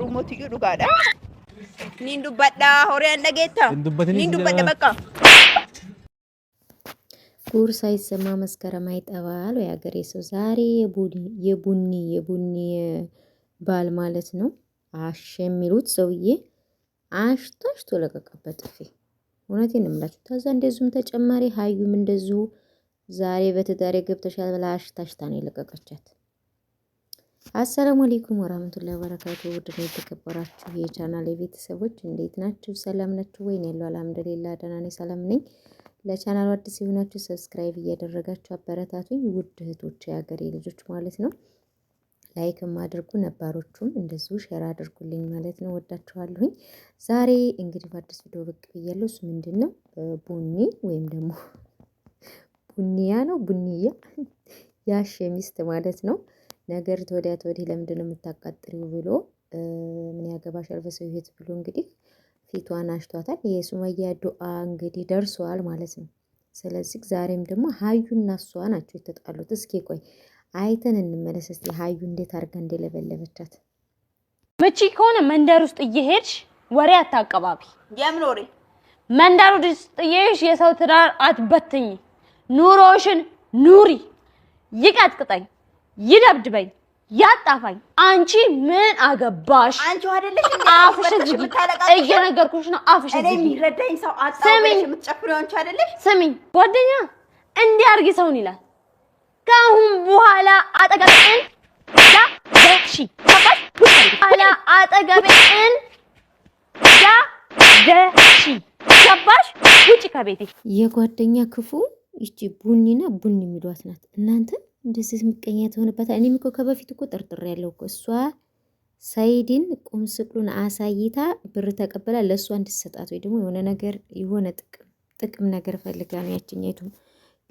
Rumootiyyu dhugaadha. Niin dubbadha horii an dhageettaa. Niin ጉር ሳይሰማ መስከረም አይጠባል። የሀገሬ ሰው ዛሬ የቡኒ የቡኒ ባል ማለት ነው አሽ የሚሉት ሰውዬ አሽቶ አሽቶ ለቀቀበት ጥፊ። እውነቴን እምላችሁ ከዛ እንደዚሁም ተጨማሪ ሀዩም እንደዚሁ ዛሬ በትዳሬ ገብተሻል ብላ አሽታ አሽታ ነው የለቀቀቻት። አሰላሙ አሌይኩም ወራህመቱላሂ ወበረካቱ ውድና የተከበራችሁ የቻናል የቤተሰቦች እንዴት ናችሁ? ሰላም ናችሁ ወይ? ያለው አልሐምዱሊላህ ደህና ነኝ፣ ሰላም ነኝ። ለቻናሉ አዲስ የሆናችሁ ሰብስክራይብ እያደረጋችሁ አበረታቱኝ። ውድ እህቶች፣ የሀገሬ ልጆች ማለት ነው። ላይክም አድርጉ፣ ነባሮቹም እንደዚሁ ሼር አድርጉልኝ ማለት ነው። ወዳችኋለሁኝ። ዛሬ እንግዲህ በአዲስ ቪዲዮ ብቅ ብያለሁ። እሱ ምንድን ነው ቡኒ ወይም ደግሞ ቡኒያ ነው ቡኒያ ያሽ የሚስት ማለት ነው ነገር ወዲያት ወዲህ ነው የምታቃጥሪው ብሎ ምን ያገባሻል በሰው ይሄት ብሎ እንግዲህ ፊቷን አሽቷታል። የሱመያ ዱአ እንግዲህ ደርሰዋል ማለት ነው። ስለዚህ ዛሬም ደግሞ ሀዩና እሷ ናቸው የተጣሉት። እስኪ ቆይ አይተን እንመለስ እስኪ ሀዩ እንዴት አድርጋ እንደለበለበቻት። ምቺ ከሆነ መንደር ውስጥ እየሄድሽ ወሬ አታቀባቢ። የምን ወሬ? መንደር ውስጥ እየሄድሽ የሰው ትዳር አትበትኝ። ኑሮሽን ኑሪ። ይቀጥቅጠኝ ይደብድበኝ ያጣፋኝ አንቺ ምን አገባሽ? አንቺ አይደለሽ አፍሽ አፍሽን ዝጊ። እየነገርኩሽ ነው። አፍሽን ዝጊ። የሚረዳኝ ሰው አጣውሽ የምትጨፍሪው አንቺ አይደለሽ? ስሚኝ ጓደኛ እንዲህ አድርጊ ሰውን ይላል። ከአሁን በኋላ አጠገብን ያ ደሺ ተባሽ አላ ያ ደሺ ተባሽ ውጪ ከቤቴ የጓደኛ ክፉ ይቺ ቡኒና ቡኒ የሚሏት ናት እናንተ እንደዚህ ምቀኛ ትሆንበታል። እኔም እኮ ከበፊት እኮ ጥርጥር ያለው እኮ እሷ ሰይድን ቁም ስቅሉን አሳይታ ብር ተቀበላ ለእሷ እንድትሰጣት ወይ ደግሞ የሆነ ነገር የሆነ ጥቅም ጥቅም ነገር ፈልጋ ነው ያችኛይቱ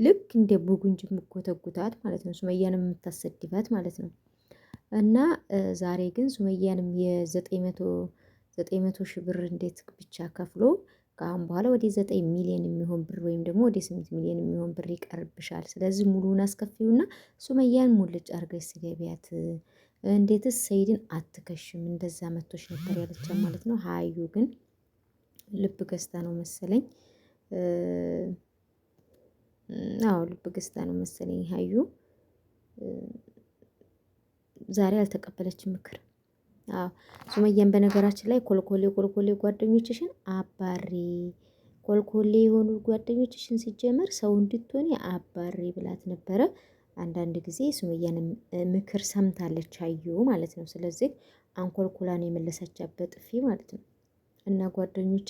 ልክ እንደ ቡጉንጅ የምጎተጉታት ማለት ነው። ሱመያንም የምታሰድባት ማለት ነው። እና ዛሬ ግን ሱመያንም የዘጠኝ መቶ ዘጠኝ መቶ ሺህ ብር እንዴት ብቻ ከፍሎ ከአሁን በኋላ ወደ ዘጠኝ ሚሊዮን የሚሆን ብር ወይም ደግሞ ወደ ስምንት ሚሊዮን የሚሆን ብር ይቀርብሻል። ስለዚህ ሙሉውን አስከፊውና ሱመያን ሙልጭ አርገሽ ስገቢያት እንዴትስ ሰይድን አትከሽም? እንደዛ መቶች ነበር ያለቻ ማለት ነው። ሀዩ ግን ልብ ገዝታ ነው መሰለኝ። አዎ ልብ ገዝታ ነው መሰለኝ ሀዩ ዛሬ አልተቀበለችም ምክር ሱመያን በነገራችን ላይ ኮልኮሌ ኮልኮሌ ጓደኞችሽን አባሪ ኮልኮሌ የሆኑ ጓደኞችሽን ሲጀመር ሰው እንድትሆኒ አባሪ ብላት ነበረ። አንዳንድ ጊዜ ሱመያንም ምክር ሰምታለች አዩ ማለት ነው። ስለዚህ አንኮልኩላን የመለሰቻት በጥፊ ማለት ነው። እና ጓደኞቼ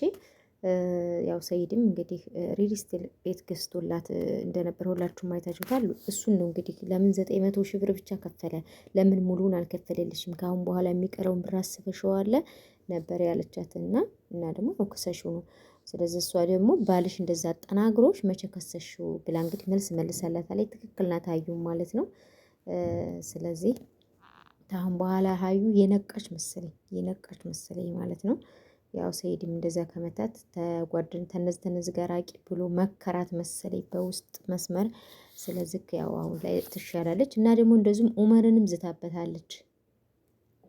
ያው ሰይድም እንግዲህ ሪል ስቴት ቤት ገዝቶላት እንደነበር ሁላችሁ አይታችሁታል። እሱን ነው እንግዲህ ለምን ዘጠኝ መቶ ሺህ ብር ብቻ ከፈለ? ለምን ሙሉን አልከፈለልሽም? ከአሁን በኋላ የሚቀረውን ብር አስበሽዋል ነበር ያለቻት እና እና ደግሞ ነው ክሰሽው ነው። ስለዚህ እሷ ደግሞ ባልሽ እንደዛ አጠናግሮሽ መቼ ከሰሽው ብላ እንግዲህ መልስ መልሳላት ላይ ትክክል ናት ሀዩ ማለት ነው። ስለዚህ ከአሁን በኋላ ሀዩ የነቃች መሰለኝ የነቃች መሰለኝ ማለት ነው። ያው ሰይድም እንደዛ ከመታት ተጓድን ተነዝ ተነዝ ጋር አቂ ብሎ መከራት መሰለኝ በውስጥ መስመር። ስለዚህ ያው አሁን ላይ ትሻላለች እና ደግሞ እንደዚሁም ኡመርንም ዝታበታለች።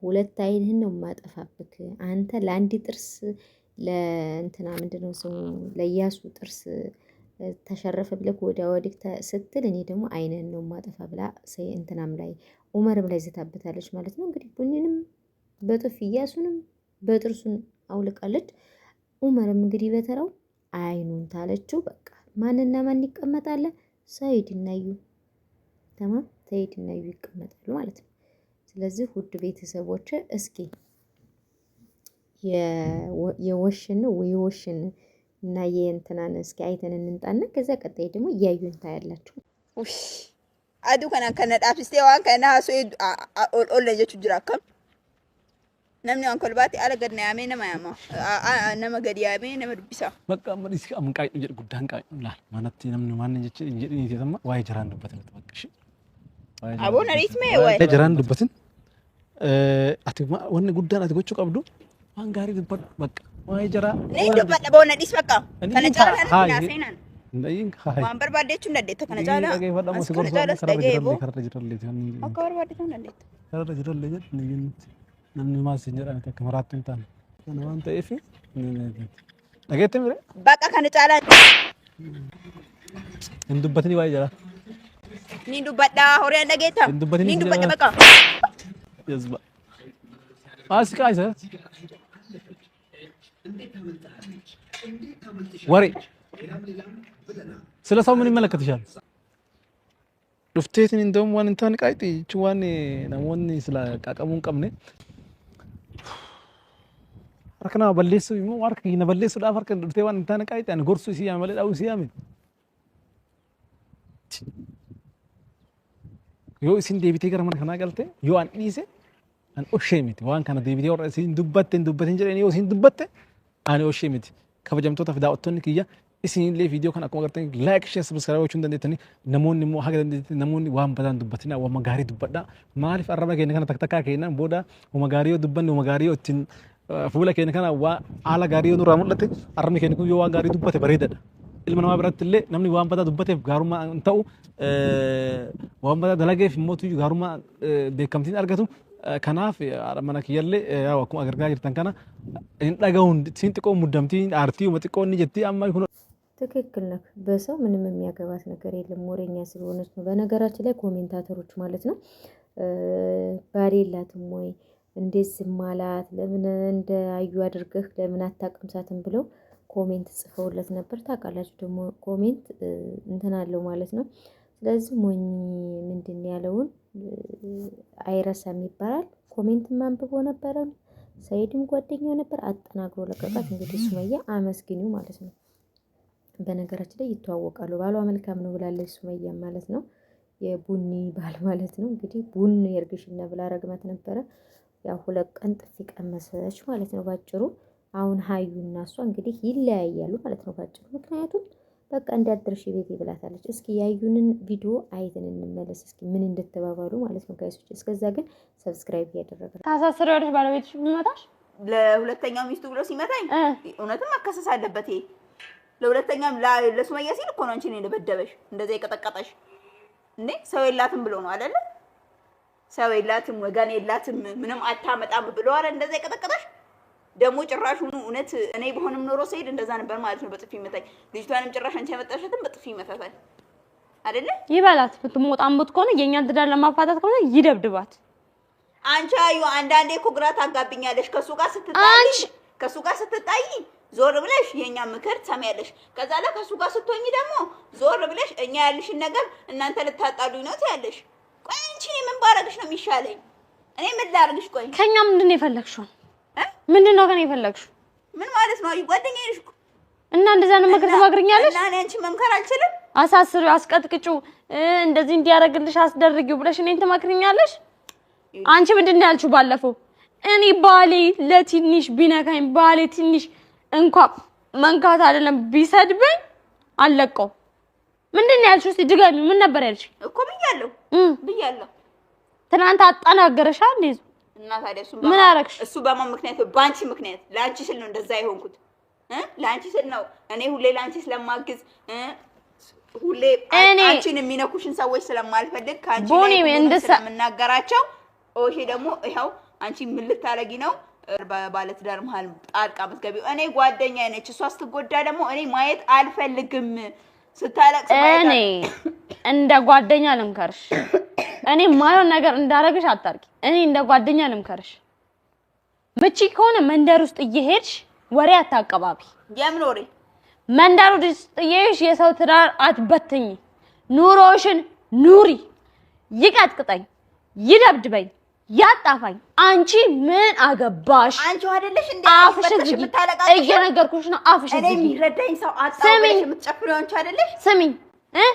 ሁለት አይንህን ነው የማጠፋብክ አንተ ለአንድ ጥርስ ለእንትና ምንድነው ስሙ ለእያሱ ጥርስ ተሸረፈ ብለህ ወዲያ ወዲህ ስትል እኔ ደግሞ አይንህን ነው ማጠፋ ብላ እንትናም ላይ ኡመርም ላይ ዝታበታለች ማለት ነው። እንግዲህ ቡኒንም በጥፍ እያሱንም በጥርሱን አውልቃለች። ኡመርም እንግዲህ በተራው አይኑን ታለችው። በቃ ማንና ማን ይቀመጣል? ሰይድ እናዩ ተማ ሰይድ እናዩ ይቀመጣሉ ማለት ነው። ስለዚህ ውድ ቤተሰቦች እስኪ የወሽን የወሽን እና የእንትናን እስኪ አይተን እንንጣና ከዛ ቀጣይ ደግሞ እያዩን ታያላችሁ። አዱ ከና ከነዳፍስቴዋን ከና ሶ ኦል ኦል ለጀቹ ጅራ namni waan kolbaatti ala gad na yaamee nama yaama. Nama gad yaamee nama dubbisa. Bakka amma dhiisi amma qaayidhu jedhu guddaan qaayidhu laal. Manatti namni waan jecha jedhanii itti amma waa'ee jiraan dubbatin itti bakka ishee. Aboo na dhiismee waa'ee. Jiraan dubbatin. Ati wanni guddaan ati gochuu qabdu waan gaarii dubbadhu bakka waa'ee jiraa. Ni dubbadha boona dhiis bakka. Kana caalaa na hin seenaan. Waan barbaaddeechuun dandeetta kana caalaa. As kana caalas dhagee boo. Akka barbaaddeechuun dandeetta. Karra jirallee jedhu ni jennutti. ወሬ ስለ ሰው ምን ይመለከትሻል? ዱፍቴትን እንደውም ዋን እንታን ቃይጢ ችዋን ናሞን ስለ ቃቀሙን ቀምኔ harka balleessuu immoo harka keenya balleessuudhaaf harka dhuftee waan hin taane qaayitaan gorsuu si yaame malee dhaa'uu si yaame. Yoo isin deebitee gara mana kanaa galte yoo an dhiise an oshee miti waan kana deebitee warra isin dubbatte hin dubbatin jedhanii yoo isin dubbatte ani oshee miti kabajamtootaaf daawwattoonni kiyya isinillee viidiyoo kana akkuma gartan laayik shee sabiskaraayib gochuu hin dandeettanii namoonni immoo haga dandeetti namoonni waan badaan dubbatinaa waan gaarii dubbadhaa maaliif arraba keenya kana taktakaa keenyaan booda uma gaarii yoo dubbanne uma gaarii yoo ittiin fuula keenya kana waa haala gaarii nurraa mul'ate harmi keenya kun yoo waan gaarii dubbate bareedadha. Ilma namaa biratti illee namni waan badaa dubbateef gaarummaa hin ta'u waan badaa dalageef immoo gaarummaa beekamtiin argatu. Kanaaf mana kiyyallee akkuma agargaa jirtan kana hin dhaga'uun siin xiqqoo muddamtii aartii uuma xiqqoo inni jettii amma kun ትክክል ነክ በሰው ምንም የሚያገባት ነገር የለም። ወሬኛ ስለሆነች ነው። በነገራችን ላይ ኮሜንታተሮች ማለት ነው ባሌ የላትም ወይ እንዴት ዝም አላት? ለምን እንደ አዩ አድርገህ ለምን አታቀምሳትም? ብለው ኮሜንት ጽፈውለት ነበር። ታውቃላችሁ ደግሞ ኮሜንት እንትን አለው ማለት ነው። ስለዚህ ሞኝ ምንድን ያለውን አይረሳም ይባላል። ኮሜንትም አንብቦ ነበረ። ሰይድም ጓደኛው ነበር አጠናግሮ ለቀቃት። እንግዲህ ሱመያ አመስግኙ ማለት ነው። በነገራችን ላይ ይተዋወቃሉ። ባሏ መልካም ነው ብላለች ሱመያ ማለት ነው። የቡኒ ባል ማለት ነው። እንግዲህ ቡን የእርግሽና ብላ ረግማት ነበረ። ያው ሁለት ቀን ጥፊ ቀመሰች ማለት ነው ባጭሩ። አሁን ሀዩ እና እሷ እንግዲህ ይለያያሉ ማለት ነው ባጭሩ። ምክንያቱም በቃ እንዳደርሽ ቤት ብላታለች። እስኪ ያዩንን ቪዲዮ አይተን እንመለስ እስኪ ምን እንደተባባሉ ማለት ነው ጋይሶች። እስከዛ ግን ሰብስክራይብ እያደረገ ታሳስረ ታሳስረዋለች ባለቤትሽ ብመጣሽ ለሁለተኛው ሚስቱ ብሎ ሲመታኝ እውነትም መከሰስ አለበት ለሁለተኛም ለሱመያ ሲል እኮ ነው አንቺን የደበደበሽ እንደዚያ የቀጠቀጠሽ እንዴ ሰው የላትም ብሎ ነው አይደለም ሰው የላትም ወገን የላትም ምንም አታመጣም ብሎ አለ እንደዛ ይቀጠቀጠሽ ደግሞ ጭራሽ ሁኑ። እውነት እኔ በሆንም ኖሮ ሲሄድ እንደዛ ነበር ማለት ነው። በጥፊ ይመታኝ። ልጅቷንም ጭራሽ አንቺ ያመጣሻትም በጥፊ ይመታታል አይደለ? ይበላት። ብትሞጣም ከሆነ የእኛን ትዳር ለማፋታት ከሆነ ይደብድባት። አንቺ አዩ፣ አንዳንዴ እኮ ግራ ታጋብኛለሽ። ከእሱ ጋር ስትጣይ ከእሱ ጋር ስትጣይ ዞር ብለሽ የእኛ ምክር ትሰሚያለሽ። ከዛ ላይ ከእሱ ጋር ስትሆኝ ደግሞ ዞር ብለሽ እኛ ያልሽን ነገር እናንተ ልታጣሉኝ ነው ትያለሽ። ቆይ አንቺ እኔ ምን ባረግሽ ነው የሚሻለኝ? እኔ ምን ላርግሽ? ቆይ ከኛ ምንድን ነው የፈለግሽው? ምንድን ነው ከኔ የፈለግሽው? ምን ማለት ነው? ጓደኛዬ ነሽ እና እንደዛ ነው መግረዝ ማግረኛለሽ እና እኔ አንቺ መምከር አልችልም። አሳስሪው፣ አስቀጥቅጪው፣ እንደዚህ እንዲያረግልሽ አስደርጊው ብለሽ እኔን ትመክርኛለሽ? አንቺ ምንድን ነው ያልችው ባለፈው? እኔ ባሌ ለትንሽ ቢነካኝ ባሌ ትንሽ እንኳን መንካት አይደለም ቢሰድበኝ አለቀው ምንድን ነው ያልሽው? እስኪ ድጋሚ ምን ነበር ያልሽ? እኮ ብያለሁ ብያለሁ። ትናንት አጠናገረሻ እንዴ? እና ታዲያ እሱ ምን አደረግሽ? እሱ በማን ምክንያት? በአንቺ ምክንያት። ለአንቺ ስል ነው እንደዛ የሆንኩት። ለአንቺ ስል ነው እኔ ሁሌ ለአንቺ ስለማግዝ ሁሌ አንቺን የሚነኩሽን ሰዎች ስለማልፈልግ ከአንቺ ስለምናገራቸው ኦሼ ደግሞ ይኸው አንቺ ምን ልታረጊ ነው? ባለትዳር መሀል ጣልቃ ምትገቢው? እኔ ጓደኛ ነች እሷ ስትጎዳ ደግሞ እኔ ማየት አልፈልግም። ስታለቅስ እኔ እንደ ጓደኛ ልምከርሽ። እኔ ማየውን ነገር እንዳረግሽ አታርቂ። እኔ እንደ ጓደኛ ልምከርሽ። ምቺ ከሆነ መንደር ውስጥ እየሄድሽ ወሬ አታቀባቢ። የምን ወሬ? መንደር ውስጥ እየሄድሽ የሰው ትዳር አትበትኝ። ኑሮሽን ኑሪ። ይቀጥቅጠኝ፣ ይደብድበኝ ያጣፋኝ አንቺ ምን አገባሽ? አንቺ አይደለሽ እንዴ አፍሽ ዝጊ። እየነገርኩሽ ነው አፍሽ ዝጊ። እኔ የሚረዳኝ ሰው አጣውሽ የምትጨፍሪው አንቺ አይደለሽ? ስሚኝ እ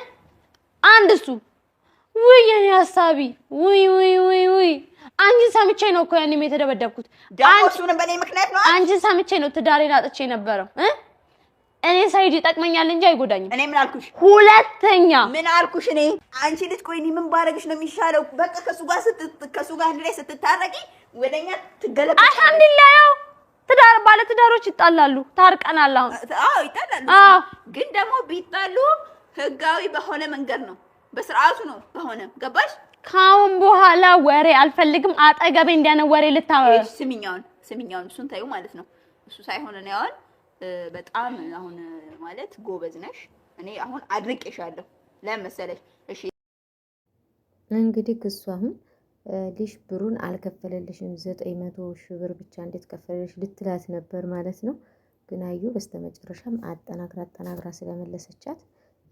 አንድ እሱ ውይ የኔ ሀሳቢ ውይ ውይ ውይ ውይ አንቺን ሰምቼ ነው እኮ ያኔም የተደበደብኩት። አንቺ ምን በኔ ምክንያት ነው። አንቺን ሰምቼ ነው ትዳሬን አጥቼ ነበረው እ እኔ ሳይድ ይጠቅመኛል እንጂ አይጎዳኝም። እኔ ምን አልኩሽ? ሁለተኛ ምን አልኩሽ? እኔ አንቺ ልጅ ቆይ እኔ ምን ባረግሽ ነው የሚሻለው? በቃ ከሱ ጋር ከሱ ጋር አንድ ላይ ስትታረቂ ወደኛ ትገለብ። አልሐምዱሊላህ ያው ትዳር ባለ ትዳሮች ይጣላሉ፣ ታርቀናል። አሁን አዎ ይጣላሉ፣ ግን ደግሞ ቢጣሉ ህጋዊ በሆነ መንገድ ነው፣ በስርዓቱ ነው በሆነ ገባሽ? ካሁን በኋላ ወሬ አልፈልግም። አጠገቤ እንዲያነው ወሬ ልታወራ ስሚኛውን ስሚኛውን እሱን ታዩ ማለት ነው እሱ ሳይሆን ነው ያው በጣም አሁን ማለት ጎበዝ ነሽ። እኔ አሁን አድንቄሻለሁ። ለመሰለሽ እሺ እንግዲህ ክሱ አሁን ልጅ ብሩን አልከፈለልሽም ዘጠኝ መቶ ሺህ ብር ብቻ እንዴት ከፈለልሽ ልትላት ነበር ማለት ነው። ግን አዩ በስተመጨረሻም አጠናግራ አጠናግራ ስለመለሰቻት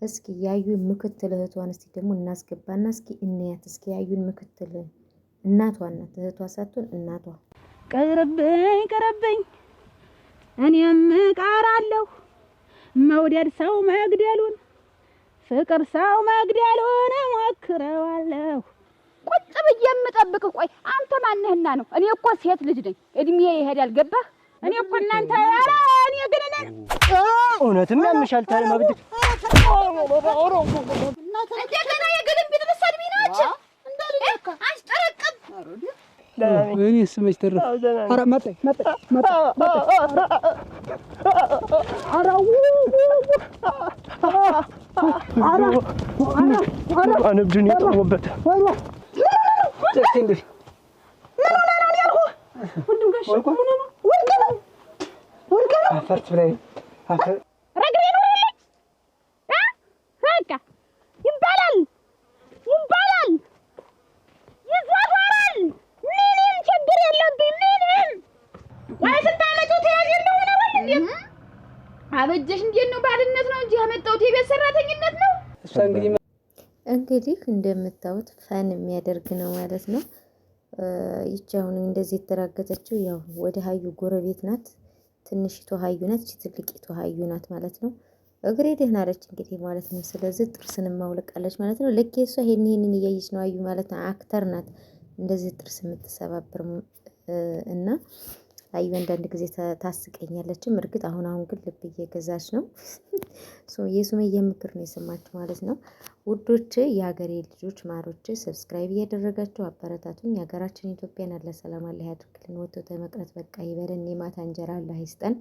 እስኪ ያዩን ምክትል እህቷን እስኪ ደግሞ እናስገባና እስኪ እንያት እስኪ ያዩን ምክትል እናቷ ናት እህቷ ሳትሆን እናቷ ቀረበኝ ቀረበኝ እኔም እቀራለሁ መውደድ ሰው መግደሉን ፍቅር ሰው መግደሉን እሞክረዋለሁ። ቁጭ ብዬ የምጠብቅ ቆይ አንተ ማንህና ነው? እኔ እኮ ሴት ልጅ ነኝ፣ እድሜ ይሄዳል። ገባህ? እኔ እኮ እናንተ ኧረ እኔ ግን እኔ እውነትም ያምሻል ታለማብድ እንደገና የግልም ቢልብሰድሚ ናቸው እንዳልካ አስጠረቅም እኔ ስመች ተረፈ። ኧረ መጣ መጣ መጣ መጣ። ኧረ እብዱን የጠወበት እንግዲህ ምን ሆነህ ነው ያልኩህ? አበጀሽ እንዴት ነው? ባልነት ነው እንጂ ያመጣሁት የቤት ሰራተኝነት ነው። እሷ እንግዲህ እንግዲህ እንደምታዩት ፈን የሚያደርግ ነው ማለት ነው። ይቺ አሁን እንደዚህ የተራገጠችው ያው ወደ ሀዩ ጎረቤት ናት። ትንሽቱ ሀዩ ናት፣ ይቺ ትልቂቱ ሀዩ ናት ማለት ነው። እግሬ ደህና አለች እንግዲህ ማለት ነው። ስለዚህ ጥርስን ማውለቃለች ማለት ነው። ልክ የእሷ ይሄን ይሄንን እያየች ነው ሀዩ ማለት ነው። አክተር ናት እንደዚህ ጥርስ የምትሰባብር እና አዩ አንዳንድ ጊዜ ታስቀኛለችም። እርግጥ አሁን አሁን ግን ልብ እየገዛች ነው። የሱመያ ምክር ነው የሰማችሁ ማለት ነው። ውዶች፣ የሀገሬ ልጆች፣ ማሮች ሰብስክራይብ እያደረጋችሁ አበረታቱን። የሀገራችን ኢትዮጵያን አለ ሰላም አለ ያድርግልን። ወጥቶ ተመቅረት በቃ ይበለን። የማታ እንጀራ አለ ይስጠን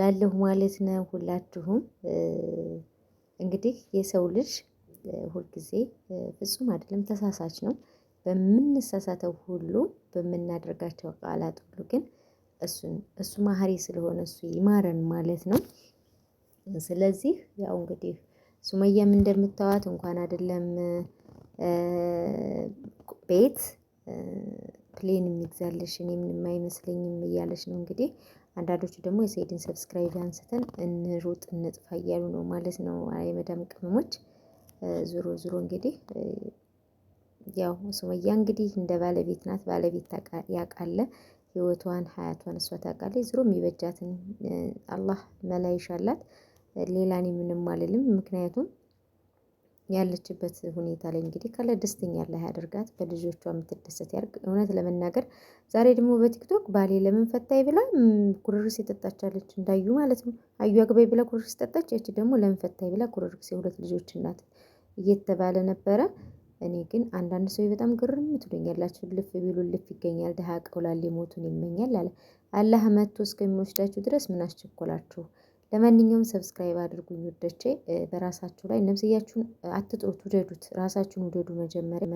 ላለሁ ማለት ነው። ሁላችሁም እንግዲህ የሰው ልጅ ሁልጊዜ ፍጹም አይደለም፣ ተሳሳች ነው። በምንሳሳተው ሁሉ በምናደርጋቸው ቃላት ሁሉ ግን እሱን እሱ ማህሪ ስለሆነ እሱ ይማረን ማለት ነው። ስለዚህ ያው እንግዲህ ሱመያም እንደምታዋት እንኳን አይደለም ቤት ፕሌን የሚግዛልሽ እኔ ምንም አይመስለኝም እያለች ነው እንግዲህ። አንዳንዶቹ ደግሞ የሰይድን ሰብስክራይብ አንስተን እንሩጥ እንጥፋ እያሉ ነው ማለት ነው የመዳም ቅመሞች። ዞሮ ዞሮ እንግዲህ ያው ሱመያ እንግዲህ እንደ ባለቤት ናት። ባለቤት ያቃለ። ህይወቷን ሀያቷን እሷ ታውቃለች። ዞሮ የሚበጃትን አላህ መላ ይሻላት። ሌላን እኔ አልልም። ምክንያቱም ያለችበት ሁኔታ ላይ እንግዲህ ካለ ደስተኛ አላህ ያደርጋት፣ በልጆቿ የምትደሰት ያርግ። እውነት ለመናገር ዛሬ ደግሞ በቲክቶክ ባሌ ለምን ፈታኝ ብላ ኩርርስ የጠጣቻለች እንዳዩ ማለት ነው። አዩ አግባይ ብላ ኩርርስ ጠጣች። ያቺ ደግሞ ለምን ፈታኝ ብላ ኩርርስ የሁለት ልጆች እናት እየተባለ ነበረ። እኔ ግን አንዳንድ ሰው በጣም ግርም ትሉኛላችሁ። ልፍ ቢሉ ልፍ ይገኛል፣ ድሃ ቀውላል ሊሞቱን ይመኛል አለ አላህ መቶ እስከሚወስዳችሁ ድረስ ምን አስቸኮላችሁ? ለማንኛውም ሰብስክራይብ አድርጉኝ ውዶቼ። በራሳችሁ ላይ ነፍስያችሁን አትጥሩት፣ ውደዱት፣ ራሳችሁን ውደዱ መጀመሪያ